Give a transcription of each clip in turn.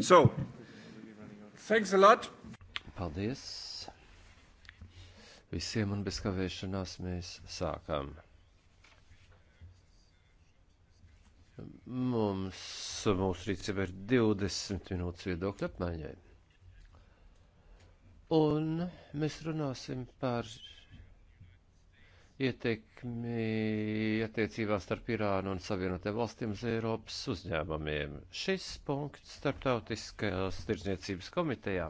So, thanks a lot. Paldies. Visiem un bez kavēšanās mēs sākam. Mums, mūsu rīcība ir 20 minūtes viedokļu apmaiņai. Un mēs runāsim par ietekmi attiecībās starp Irānu un Savienotiem valstīm uz Eiropas uzņēmumiem. Šis punkts starptautiskajās tirdzniecības komitejā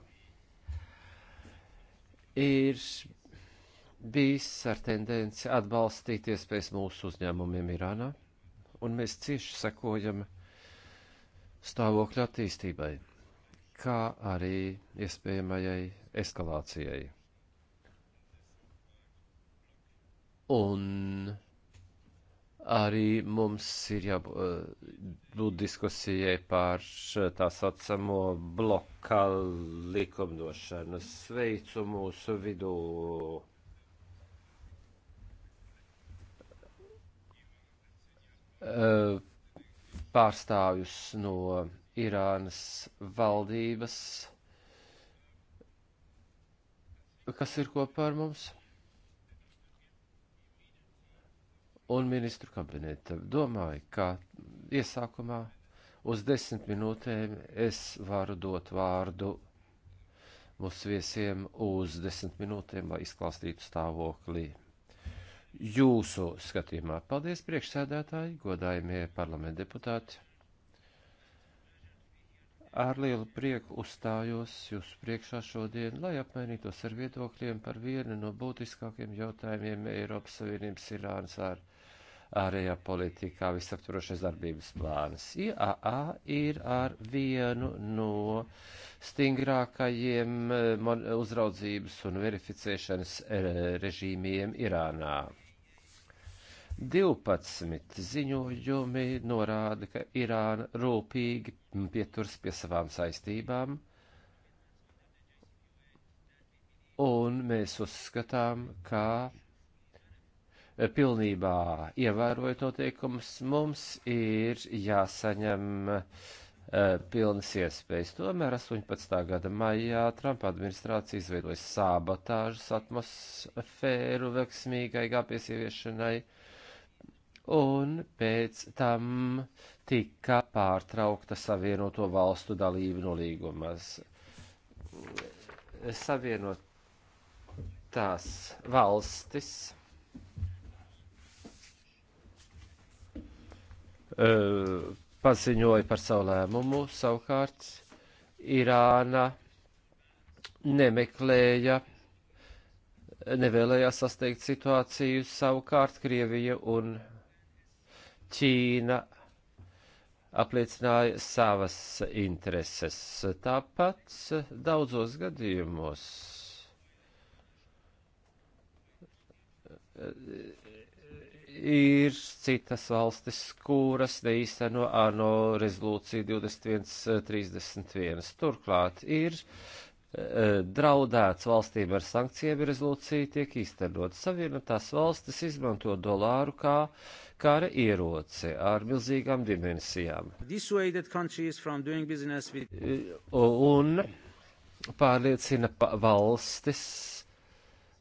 ir bijis ar tendenci atbalstīt iespējas mūsu uzņēmumiem Irānā, un mēs cieši sekojam stāvokļa attīstībai, kā arī iespējamajai eskalācijai. Un arī mums ir jābūt diskusijai par tā saucamo bloka likumdošanu. Sveicu mūsu vidū. Pārstāvjus no Irānas valdības, kas ir kopā ar mums? un ministru kabineta. Domāju, ka iesākumā uz desmit minūtēm es varu dot vārdu mūsu viesiem uz desmit minūtēm, lai izklāstītu stāvoklī. Jūsu skatījumā paldies priekšsēdētāji, godājumie parlamenta deputāti. Ar lielu prieku uzstājos jūsu priekšā šodien, lai apmainītos ar viedokļiem par vienu no būtiskākiem jautājumiem Eiropas Savienības Irānas ārā ārējā politikā visaptvarošais darbības plāns. IAA ir ar vienu no stingrākajiem eh, uzraudzības un verificēšanas eh, režīmiem Irānā. 12 ziņojumi norāda, ka Irāna rūpīgi pieturs pie savām saistībām, un mēs uzskatām, ka pilnībā ievērojot noteikumus, mums ir jāsaņem uh, pilnas iespējas. Tomēr 18. gada maijā Trumpa administrācija izveidoja sabotāžas atmosfēru veiksmīgai gāpies ieviešanai, un pēc tam tika pārtraukta savienoto valstu dalība nolīgumas. Savienotās valstis paziņoja par savu lēmumu, savukārt Irāna nemeklēja, nevēlējās sasteikt situāciju, savukārt Krievija un Ķīna apliecināja savas intereses. Tāpat daudzos gadījumos ir citas valstis, kuras neīsteno ANO rezolūciju 2131. Turklāt ir eh, draudēts valstīm ar sankcijiem, rezolūcija tiek īstenot. Savienotās valstis izmanto dolāru kā kara ieroci ar milzīgām dimensijām. With... Un pārliecina valstis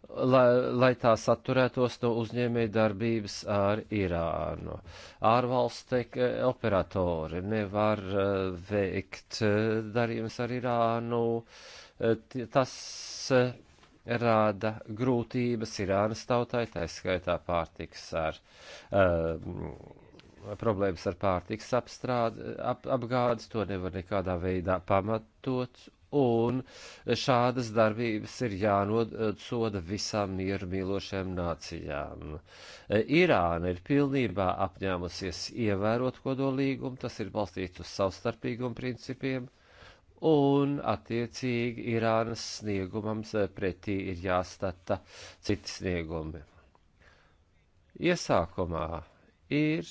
lai, lai tās atturētos no uzņēmēja darbības ar Irānu. Ārvalstu eh, operatori nevar eh, veikt eh, darījums ar Irānu. Tas rāda grūtības Irānas tautai, tā skaitā pārtiks ar. Um, problēmas ar pārtiks apstrādi, ap, apgādes, to nevar nekādā veidā pamatot, un šādas darbības ir jānosoda visām mieru mīlošajām nācijām. Irāna ir pilnībā apņēmusies ievērot kodolīgumu, tas ir balstīts uz savstarpīgumu principiem, un attiecīgi Irānas sniegumam pretī ir jāstata citi sniegumi. Iesākumā ir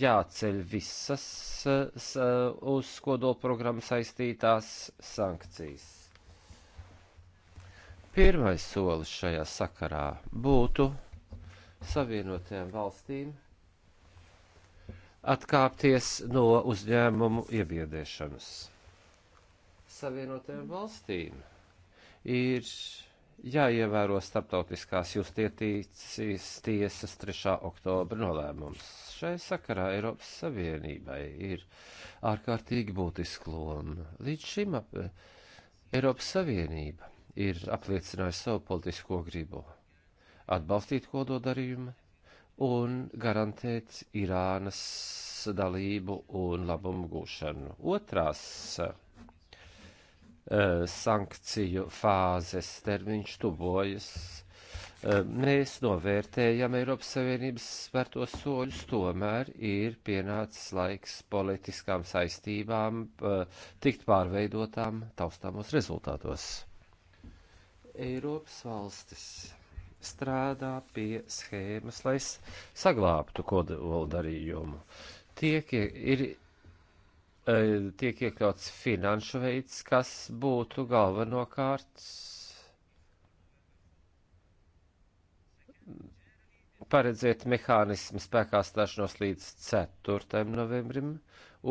jāceļ visas uz kodolprogrammu saistītās sankcijas. Pirmais solis šajā sakarā būtu savienotajām valstīm atkāpties no uzņēmumu iebiedēšanas. Savienotajām valstīm ir jāievēro starptautiskās justīcijas tiesas 3. oktobra nolēmums. Šai sakarā Eiropas Savienībai ir ārkārtīgi būtiska loma. Līdz šim ap, Eiropas Savienība ir apliecinājusi savu politisko gribu atbalstīt kododarījumu un garantēt Irānas dalību un labumu gūšanu. Otrās Eh, sankciju fāzes termiņš tuvojas. Eh, mēs novērtējam Eiropas Savienības spērto soļus, tomēr ir pienācis laiks politiskām saistībām eh, tikt pārveidotām taustāmos rezultātos. Eiropas valstis strādā pie schēmas, lai saglābtu kodola darījumu. Tiek ir tiek iekļauts finanšu veids, kas būtu galvenokārt paredzēt mehānismu spēkā stāšanos līdz 4. novembrim,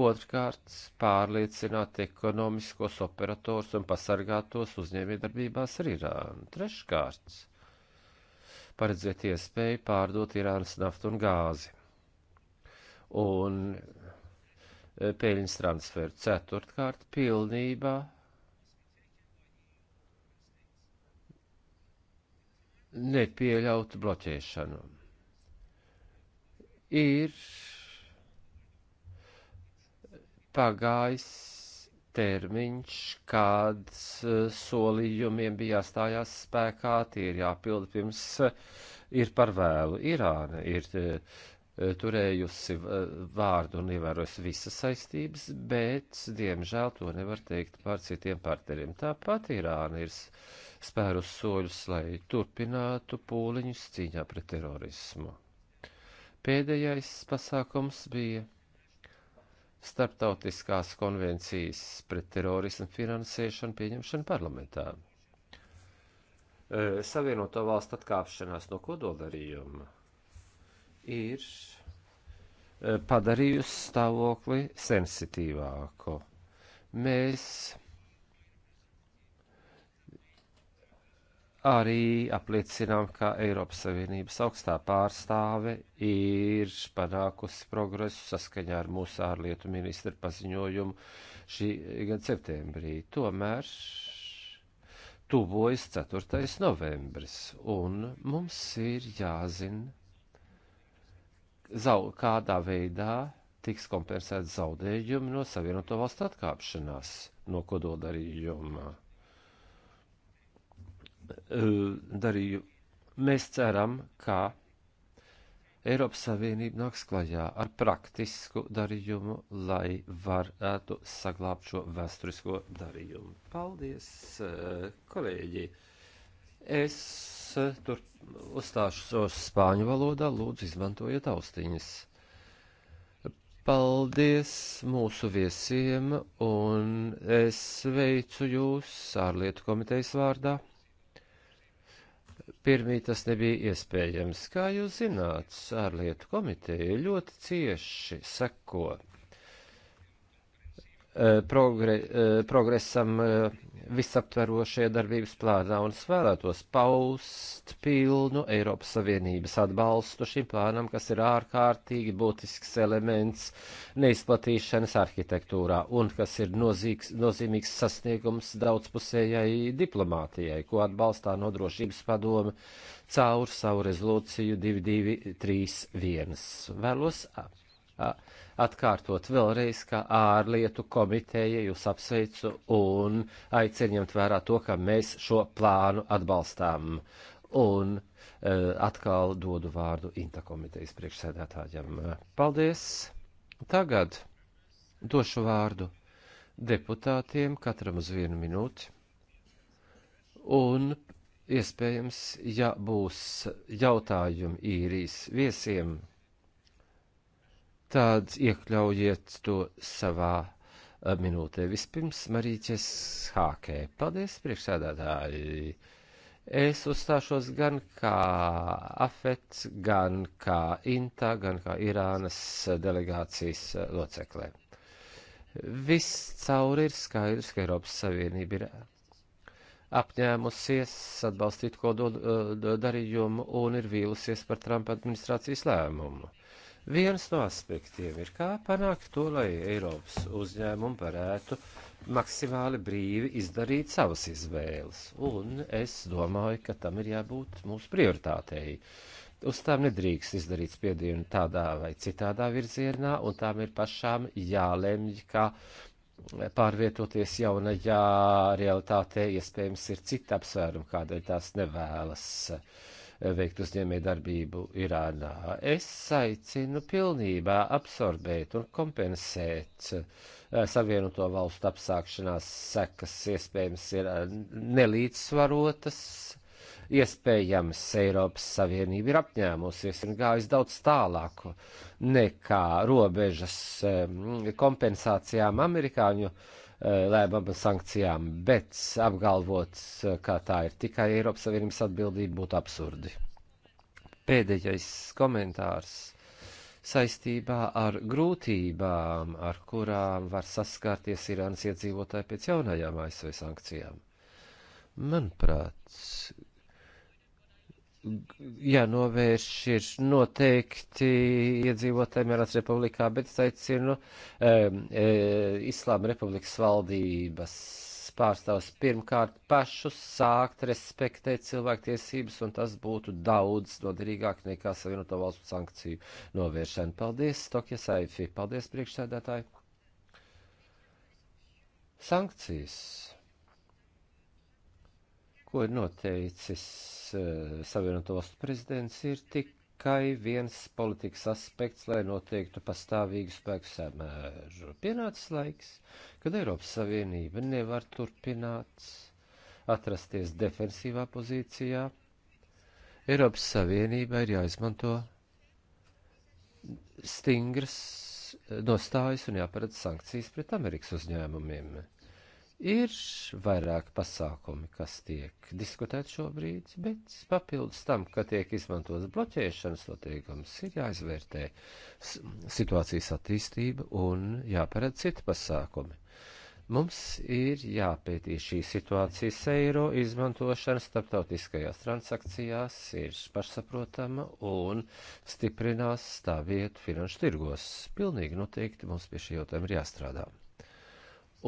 otrkārt pārliecināt ekonomiskos operators un pasargātos uzņēmējdarbībās ar Irānu, treškārt paredzēt iespēju pārdot Irānas naftu un gāzi. Un Eh, peļņas transferu. Ceturtkārt, pilnībā nepieļaut bloķēšanu. Ir pagājis termiņš, kad eh, solījumiem bija jāstājās spēkā, tie ir jāpilda pirms eh, ir par vēlu. Irāna ir turējusi eh, vārdu un ievērojusi visas saistības, bet, diemžēl, to nevar teikt par citiem partneriem. Tāpat Irāna ir spērus soļus, lai turpinātu pūliņus cīņā pret terorismu. Pēdējais pasākums bija starptautiskās konvencijas pret terorismu finansēšanu pieņemšana parlamentā. Eh, Savienoto valstu atkāpšanās no kodoldarījuma ir eh, padarījusi stāvokli sensitīvāku. Mēs arī apliecinām, ka Eiropas Savienības augstā pārstāve ir panākusi progresu saskaņā ar mūsu ārlietu ministra paziņojumu šī gada septembrī. Tomēr tuvojas 4. novembris, un mums ir jāzina, zau, kādā veidā tiks kompensēti zaudējumi no Savienoto valstu atkāpšanās no kodoldarījuma. E, darīju. Mēs ceram, ka Eiropas Savienība nāks klajā ar praktisku darījumu, lai varētu saglābt šo vēsturisko darījumu. Paldies, e, kolēģi! Es E, tur uzstāšos spāņu valodā, lūdzu izmantojiet austiņas. Paldies mūsu viesiem, un es sveicu jūs ārlietu komitejas vārdā. Pirmī tas nebija iespējams. Kā jūs zināt, ārlietu komiteja ļoti cieši seko Eh, progre, eh, progresam eh, visaptverošajā darbības plānā, un es vēlētos paust pilnu Eiropas Savienības atbalstu šim plānam, kas ir ārkārtīgi būtisks elements neizplatīšanas arhitektūrā, un kas ir nozīgs, nozīmīgs sasniegums daudzpusējai diplomātijai, ko atbalstā nodrošības padome caur savu rezolūciju 2231. Vēlos ap atkārtot vēlreiz, ka ārlietu komiteja jūs apsveicu un aicinu ņemt vērā to, ka mēs šo plānu atbalstām. Un uh, atkal dodu vārdu Inta komitejas priekšsēdētājiem. Paldies! Tagad došu vārdu deputātiem, katram uz vienu minūti. Un iespējams, ja būs jautājumi īrijas viesiem, tad iekļaujiet to savā eh, minūtē. Vispirms Marīķes Hākē. Paldies, priekšsēdētāji! Es uzstāšos gan kā afets, gan kā Inta, gan kā Irānas delegācijas eh, loceklē. Viss cauri ir skaidrs, ka Eiropas Savienība ir apņēmusies atbalstīt kodolu darījumu un ir vīlusies par Trumpa administrācijas lēmumu Viens no aspektiem ir, kā panākt to, lai Eiropas uzņēmumi varētu maksimāli brīvi izdarīt savas izvēles. Un es domāju, ka tam ir jābūt mūsu prioritātei. Uz tām nedrīkst izdarīt spiedienu tādā vai citādā virzienā, un tām ir pašām jālemj, kā pārvietoties jaunajā realitātē. Iespējams, ir cita apsvēruma, kādēļ tās nevēlas uh, veikt uzņēmē darbību Irānā. Es aicinu pilnībā absorbēt un kompensēt eh, Savienoto valstu apsākšanās sekas, iespējams, ir eh, nelīdzsvarotas iespējams Eiropas Savienība ir apņēmusies un gājis daudz tālāk nekā robežas eh, kompensācijām amerikāņu Eh, lēmām par sankcijām, bet apgalvot, eh, ka tā ir tikai Eiropas Savienības atbildība, būtu absurdi. Pēdējais komentārs saistībā ar grūtībām, ar kurām var saskārties Irānas iedzīvotāji pēc jaunajām ASV sankcijām. Manuprāt, jānovērš ir noteikti iedzīvotājiem Irānas republikā, bet es aicinu um, e, Islāma republikas valdības pārstāvs pirmkārt pašu sākt respektēt cilvēktiesības, un tas būtu daudz noderīgāk nekā Savienoto valstu sankciju novēršana. Paldies, Tokija Saifi. Paldies, priekšsēdētāji. Sankcijas ko ir noteicis eh, Savienoto valstu prezidents, ir tikai viens politikas aspekts, lai noteiktu pastāvīgu spēku samēru. Pienācis laiks, kad Eiropas Savienība nevar turpināt atrasties defensīvā pozīcijā. Eiropas Savienība ir jāizmanto stingras eh, nostājas un jāparedz sankcijas pret Amerikas uzņēmumiem. Ir vairāk pasākumi, kas tiek diskutēti šobrīd, bet papildus tam, ka tiek izmantots bloķēšanas noteikums, ir jāizvērtē situācijas attīstība un jāparedz citi pasākumi. Mums ir jāpētī šī situācijas eiro izmantošana starptautiskajās transakcijās, ir pašsaprotama un stiprinās tā vietu finanšu tirgos. Pilnīgi noteikti mums pie šī jautājuma ir jāstrādā.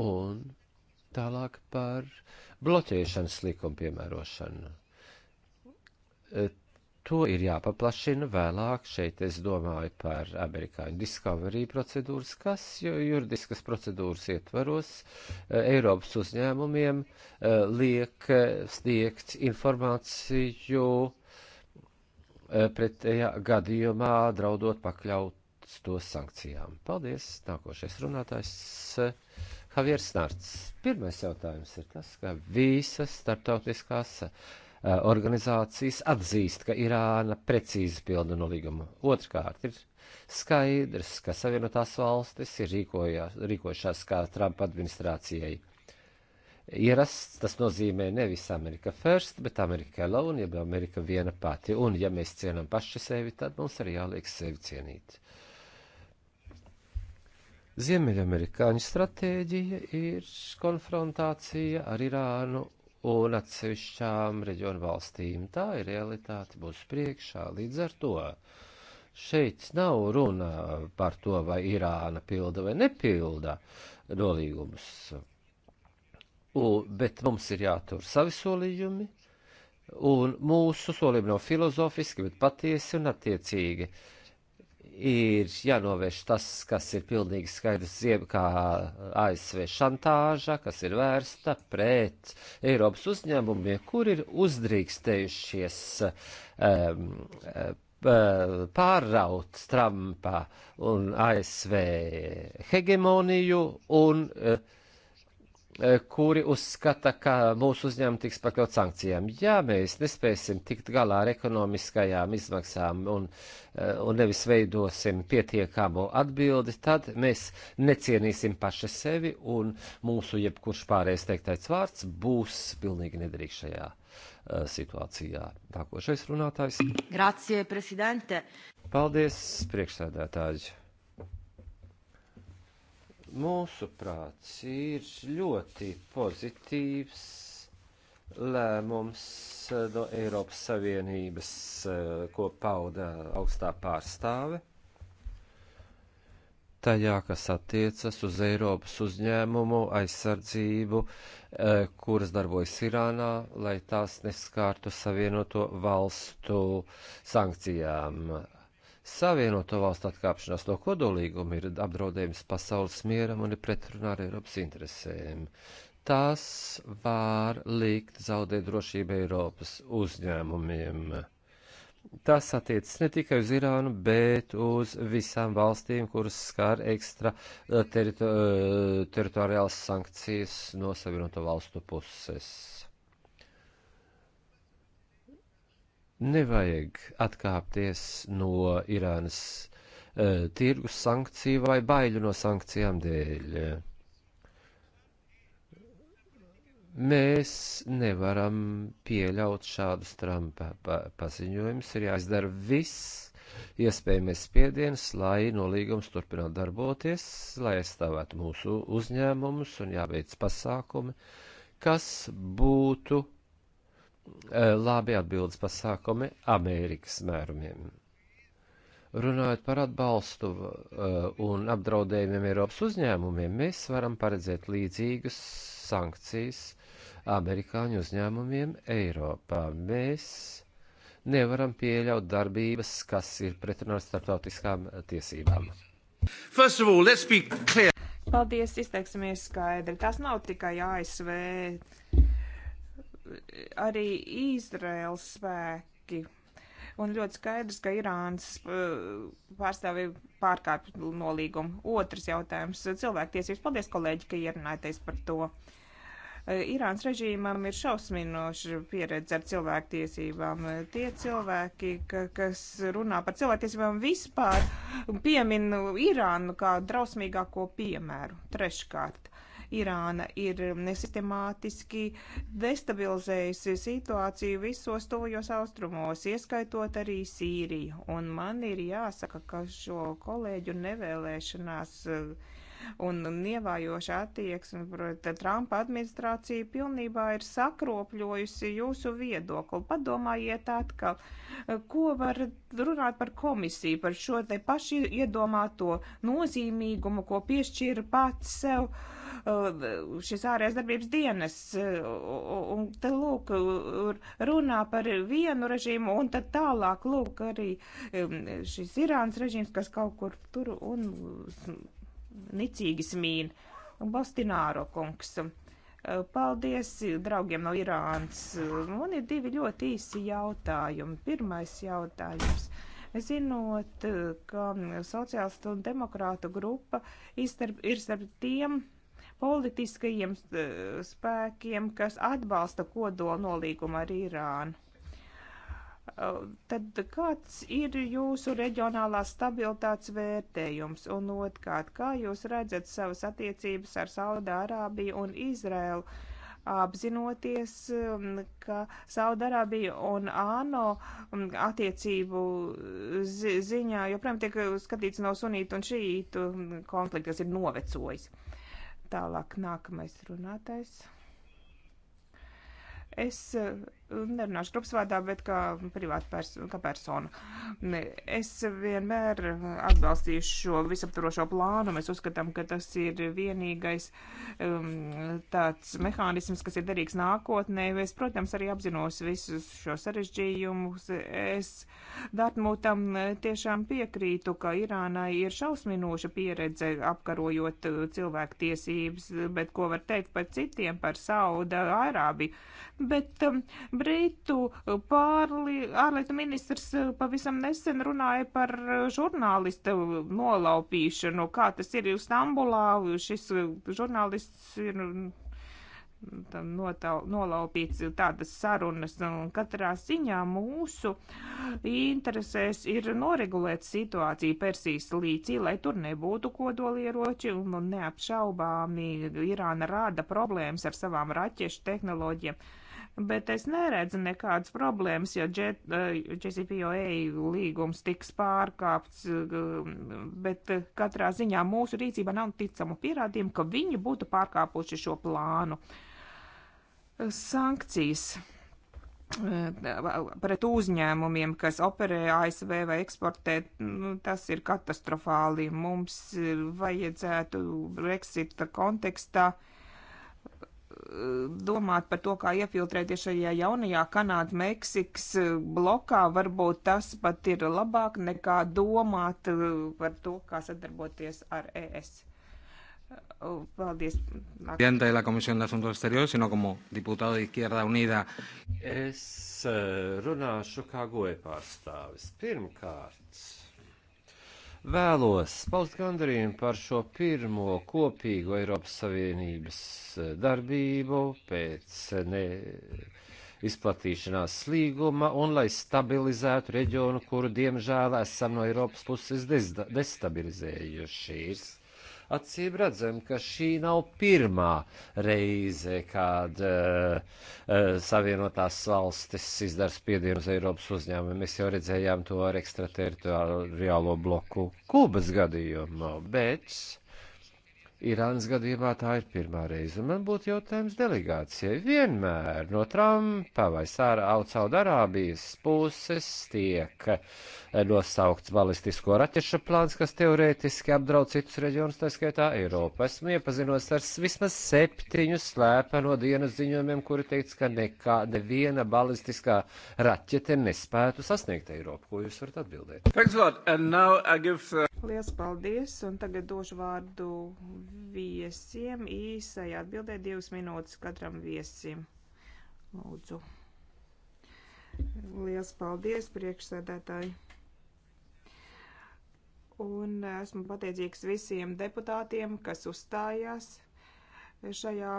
Un Tālāk par bloķēšanas likumu piemērošanu. E, to ir jāpaplašina vēlāk. Šeit es domāju par amerikāņu Discovery procedūras, kas juridiskas procedūras ietvaros e, Eiropas uzņēmumiem e, liek sniegt informāciju pretējā gadījumā draudot pakļaut tos sankcijām. Paldies! Nākošais runātājs. Javiers Nārts. Pirmais jautājums ir tas, ka visas starptautiskās eh, organizācijas atzīst, ka Irāna precīzi pilda nolīgumu. Otrkārt ir skaidrs, ka Savienotās valstis ir rīkojušās kā Trumpa administrācijai ierasts, tas nozīmē nevis Amerika first, bet Amerika alone, jeb Amerika viena pati. Un, ja mēs cienām paši sevi, tad mums arī jāliek sevi cienīt. Uh, Ziemeļamerikāņu stratēģija ir konfrontācija ar Irānu un atsevišķām reģionu valstīm. Tā ir realitāte mūsu priekšā. Līdz ar to šeit nav runa par to, vai Irāna pilda vai nepilda nolīgumus. Un, bet mums ir jātur savi solījumi, un mūsu solījumi nav filozofiski, bet patiesi un attiecīgi. Uh, ir jānovērš tas, kas ir pilnīgi skaidrs, jeb kā ASV šantāža, kas ir vērsta pret Eiropas uzņēmumiem, kur ir uzdrīkstējušies um, pārraut Trumpa un ASV hegemoniju un uh, Eh, kuri uzskata, ka mūsu uzņēmumi tiks pakļaut sankcijām. Ja mēs nespēsim tikt galā ar ekonomiskajām izmaksām un, eh, un nevis veidosim pietiekamu atbildi, tad mēs necienīsim paši sevi un mūsu jebkurš pārējais teiktais vārds būs pilnīgi nederīgs šajā eh, situācijā. Nākošais runātājs. Grazie, prezidente. Paldies, priekšsēdētāji mūsu prāts ir ļoti pozitīvs lēmums no Eiropas Savienības, ko pauda augstā pārstāve. Tajā, kas attiecas uz Eiropas uzņēmumu aizsardzību, e, kuras darbojas Irānā, lai tās neskārtu savienoto valstu sankcijām Savienoto valstu atkāpšanās no kodolīguma ir apdraudējums pasaules mieram un ir pretrunā ar Eiropas interesēm. Tas var likt zaudēt drošību Eiropas uzņēmumiem. Tas attiecas ne tikai uz Irānu, bet uz visām valstīm, kuras skar ekstra eh, terito eh, teritoriālas sankcijas no Savienoto valstu puses. nevajag atkāpties no Irānas uh, tirgus sankciju vai baiļu no sankcijām dēļ. Mēs nevaram pieļaut šādus Trumpa pa paziņojumus. Ir jāizdara viss iespējamais spiediens, lai nolīgums turpinātu darboties, lai aizstāvētu mūsu uzņēmumus un jāveic pasākumi, kas būtu uh, Eh, labi atbildes pasākumi Amerikas mērumiem. Runājot par atbalstu eh, un apdraudējumiem Eiropas uzņēmumiem, mēs varam paredzēt līdzīgas sankcijas amerikāņu uzņēmumiem Eiropā. Mēs nevaram pieļaut darbības, kas ir pretrunā ar starptautiskām tiesībām. All, Paldies, izteiksimies skaidri. Tas nav tikai ASV arī Izraels spēki. Un ļoti skaidrs, ka Irānas uh, pārstāvi pārkāpj nolīgumu. Otrs jautājums - cilvēktiesības. Paldies, kolēģi, ka ierunājaties par to. Uh, Irānas režīmam ir šausminoša pieredze ar cilvēktiesībām. Tie cilvēki, ka, kas runā par cilvēktiesībām vispār, piemin Irānu kā drausmīgāko piemēru. Treškārt, Irāna ir nesistemātiski destabilizējusi situāciju visos tuvajos austrumos, ieskaitot arī Sīriju. Un man ir jāsaka, ka šo kolēģu nevēlēšanās eh, un nievājoša attieksme pret Trumpa administrāciju pilnībā ir sakropļojusi jūsu viedokli. Padomājiet atkal, eh, ko var runāt par komisiju, par šo te paši iedomāto nozīmīgumu, ko piešķīra pats sev. Uh, Uh, šis ārējās darbības dienas, uh, un te lūk, uh, runā par vienu režīmu, un tad tālāk lūk arī um, šis Irāns režīms, kas kaut kur tur un nicīgi smīn. Bostināro kungs. Paldies draugiem no Irānas. Man ir divi ļoti īsi jautājumi. Pirmais jautājums zinot, ka sociālistu un demokrātu grupa ir starp tiem politiskajiem eh, spēkiem, kas atbalsta kodola nolīgumu ar Irānu. Eh, tad kāds ir jūsu reģionālās stabilitātes vērtējums? Un otrkārt, kā jūs redzat savas attiecības ar Saudārābiju un Izrēlu, apzinoties, mm, ka Saudārābija un ANO mm, attiecību eh, zi ziņā joprojām tiek skatīts no sunītu un šītu mm, konflikta, kas ir novecojis? Uh, Tālāk nākamais runātais. Es eh, nerunāšu grupas vārdā, bet kā privāta perso kā persona. Es vienmēr atbalstīšu šo visaptvarošo plānu. Mēs uzskatām, ka tas ir vienīgais um, tāds mehānisms, kas ir derīgs nākotnē. Es, protams, arī apzinos visus šo sarežģījumus. Es Dartmūtam tiešām piekrītu, ka Irānai ir šausminoša pieredze apkarojot uh, cilvēku tiesības, bet ko var teikt par citiem, par Sauda Arābiju. Bet, um, Britu pārli, ārlietu ministrs eh, pavisam nesen runāja par eh, žurnālista nolaupīšanu. Kā tas ir Stambulā, šis eh, žurnālists ir mm, notal, nolaupīts tādas sarunas, un katrā ziņā mūsu interesēs ir noregulēt situāciju Persijas līcī, lai tur nebūtu kodolieroči, un neapšaubāmi Irāna rāda problēmas ar savām raķešu tehnoloģijām bet es neredzu nekādas problēmas, ja eh, JCPOA līgums tiks pārkāpts, eh, bet eh, katrā ziņā mūsu rīcībā nav ticamu pierādījumu, ka viņi būtu pārkāpuši šo plānu. Sankcijas pret uzņēmumiem, kas operē ASV vai eksportē, nu, tas ir katastrofāli. Mums vajadzētu Brexita kontekstā uh, domāt par to, kā iefiltrēties šajā jaunajā Kanāda-Meksikas blokā. Varbūt tas pat ir labāk nekā domāt uh, par to, kā sadarboties ar ES. Uh, paldies. Presidente de la Comisión de Asuntos Exteriores, sino como diputado de Izquierda Unida. Es eh, runāšu kā goja pārstāvis. Pirmkārt, Vēlos paust gandarījumu par šo pirmo kopīgo Eiropas Savienības eh, darbību pēc ne izplatīšanās slīguma un lai stabilizētu reģionu, kuru diemžēl esam no Eiropas puses destabilizējušies Acīm redzam, ka šī nav pirmā reize, kad uh, uh, Savienotās valstis izdara spiedienus Eiropas uzņēmumiem. Mēs jau redzējām to ar ekstrateritoriālo bloku Kubas gadījumā, bet Irānas gadījumā tā ir pirmā reize, un man būtu jautājums delegācijai. Vienmēr no Trumpa vai Saudārābijas puses tiek eh, nosaukts balistisko raķešu plāns, kas teorētiski apdraud citus reģionus, tā skaitā Eiropu. Esmu iepazinos ar vismaz septiņu slēpeno dienas ziņojumiem, kuri teica, ka nekā neviena balistiskā raķete nespētu sasniegt Eiropu. Ko jūs varat atbildēt? Thanks a lot. And now I give... Uh, Liels paldies, un tagad došu vārdu viesiem īsai atbildē divas minūtes katram viesim. Lūdzu. Liels paldies, priekšsēdētāji. Un esmu pateicīgs visiem deputātiem, kas uzstājās šajā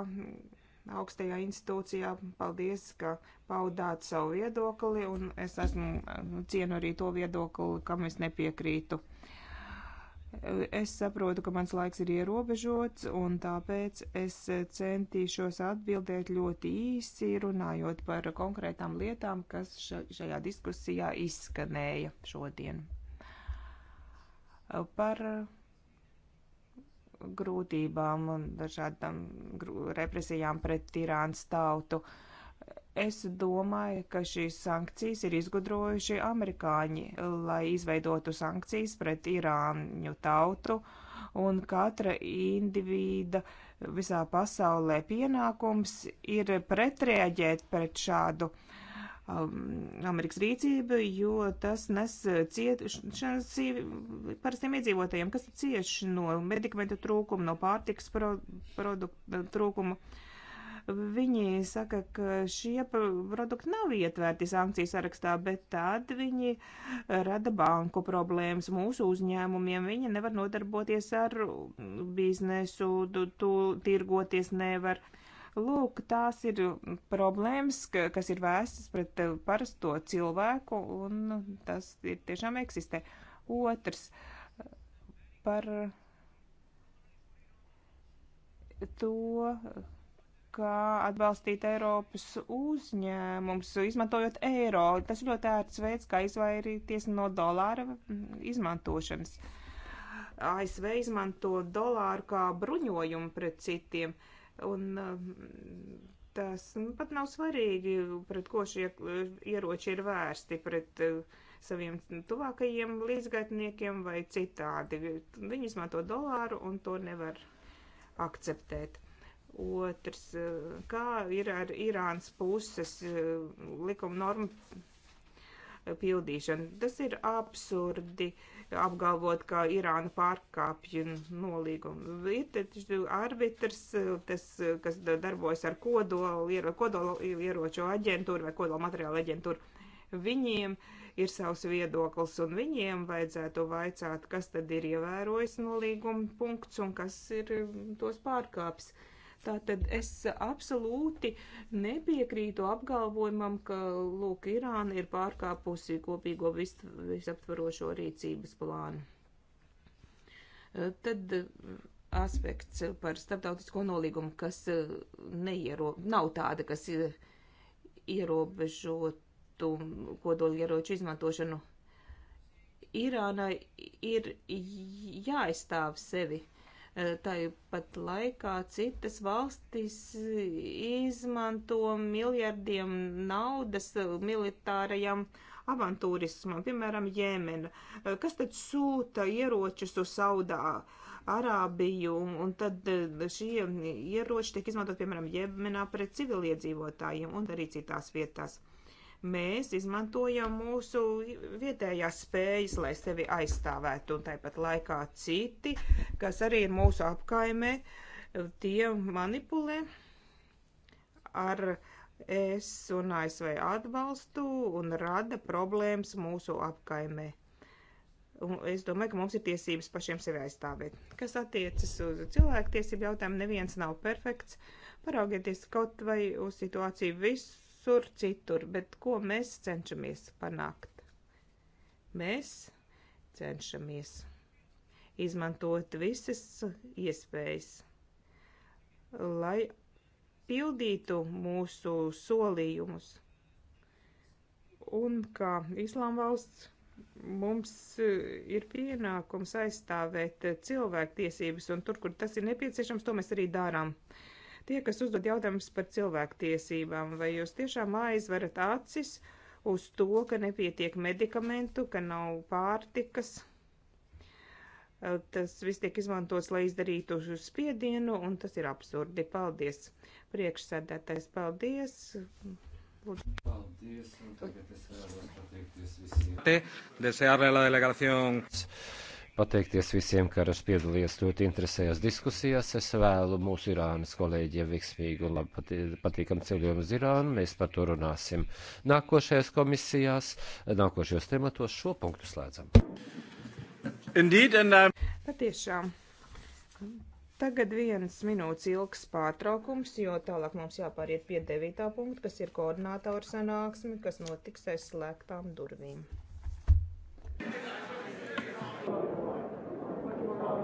augstajā institūcijā. Paldies, ka paudāt savu viedokli, un es esmu nu, cienu arī to viedokli, kam es nepiekrītu. Uh, Es saprotu, ka mans laiks ir ierobežots, un tāpēc es centīšos atbildēt ļoti īsi, runājot par konkrētām lietām, kas šajā diskusijā izskanēja šodien. Par grūtībām un dažādām represijām pret Irānas tautu. Uh, Es domāju, ka šīs sankcijas ir izgudrojuši amerikāņi, lai izveidotu sankcijas pret Irāņu tautu, un katra indivīda visā pasaulē pienākums ir pretreaģēt pret šādu um, Amerikas rīcību, jo tas nes ciešanas parastiem iedzīvotājiem, kas cieš no medikamentu trūkuma, no pārtiks pro, produktu trūkuma. Uh, Viņi saka, ka šie produkti nav ietvērti sankciju sarakstā, bet tad viņi rada banku problēmas mūsu uzņēmumiem. Viņi nevar nodarboties ar biznesu, tu, tu tirgoties nevar. Lūk, tās ir problēmas, ka, kas ir vēstas pret parasto cilvēku, un tas ir tiešām eksistē. Otrs par to, kā atbalstīt Eiropas uzņēmums, izmantojot eiro. Tas ir ļoti ērts veids, kā izvairīties no dolāra mm, izmantošanas. ASV izmanto dolāru kā bruņojumu pret citiem, un mm, tas nu, pat nav svarīgi, pret ko šie ieroči ir vērsti, pret eh, saviem tuvākajiem līdzgaitniekiem vai citādi. Viņi izmanto dolāru, un to nevar akceptēt. Otrs, eh, kā ir ar Irānas puses eh, likuma norma pildīšana? Tas ir absurdi apgalvot, ka Irāna pārkāpja nolīgumu. Ir taču arbitrs, eh, tas, kas darbojas ar kodolu, kodolu ieroču aģentūru vai kodolu materiālu aģentūru. Viņiem ir savs viedoklis, un viņiem vajadzētu vaicāt, kas tad ir ievērojis nolīguma punkts un kas ir mm, tos pārkāpis. Uh, Tātad es absolūti nepiekrītu apgalvojumam, ka, lūk, Irāna ir pārkāpusi kopīgo vis, visaptvarošo rīcības plānu. Eh, tad eh, aspekts par starptautisko nolīgumu, kas eh, neiero, nav tāda, kas ierobežotu kodolieroču izmantošanu. Irānai ir jāaizstāv sevi Eh, Tāpat laikā citas valstis izmanto miljardiem naudas militārajam avantūrismam, piemēram, Jēmena, eh, kas tad sūta ieročus uz Saudā. Arābiju, un tad eh, šie ieroči tiek izmantot, piemēram, Jemenā pret civiliedzīvotājiem un arī citās vietās mēs izmantojam mūsu vietējās spējas, lai sevi aizstāvētu, un tāpat laikā citi, kas arī ir mūsu apkaimē, tie manipulē ar es un ASV atbalstu un rada problēmas mūsu apkaimē. Un es domāju, ka mums ir tiesības pašiem sevi aizstāvēt. Kas attiecas uz cilvēktiesību jautājumu, neviens nav perfekts. Paraugieties kaut vai uz situāciju visu visur citur, bet ko mēs cenšamies panākt? Mēs cenšamies izmantot visas iespējas, lai pildītu mūsu solījumus. Un kā Islāma valsts mums ir pienākums aizstāvēt cilvēktiesības, un tur, kur tas ir nepieciešams, to mēs arī darām. Uh, tie, kas uzdod jautājumus par cilvēktiesībām, vai jūs tiešām aizverat acis uz to, ka nepietiek medikamentu, ka nav pārtikas. Tas viss tiek izmantots, lai izdarītu spiedienu, un tas ir absurdi. Paldies! Priekšsēdētājs, paldies! Paldies, un tagad es vēlos pateikties visiem. Desearle la delegación pateikties visiem, kas piedalījās ļoti interesējās diskusijās. Es vēlu mūsu Irānas kolēģiem veiksmīgu un labi patīkamu ceļojumu uz Irānu. Mēs par to runāsim nākošajās komisijās, nākošajos tematos. Šo punktu slēdzam. Indeed, and, um... Patiešām. Tagad viens minūtes ilgs pārtraukums, jo tālāk mums jāpāriet pie devītā punkta, kas ir koordinātora sanāksme, kas notiks aiz slēgtām durvīm. Thank you.